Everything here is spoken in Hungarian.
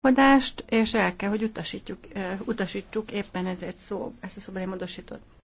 megállapodást, és el kell, hogy utasítjuk, eh, utasítsuk éppen ezért szó, ezt a szobrai módosított.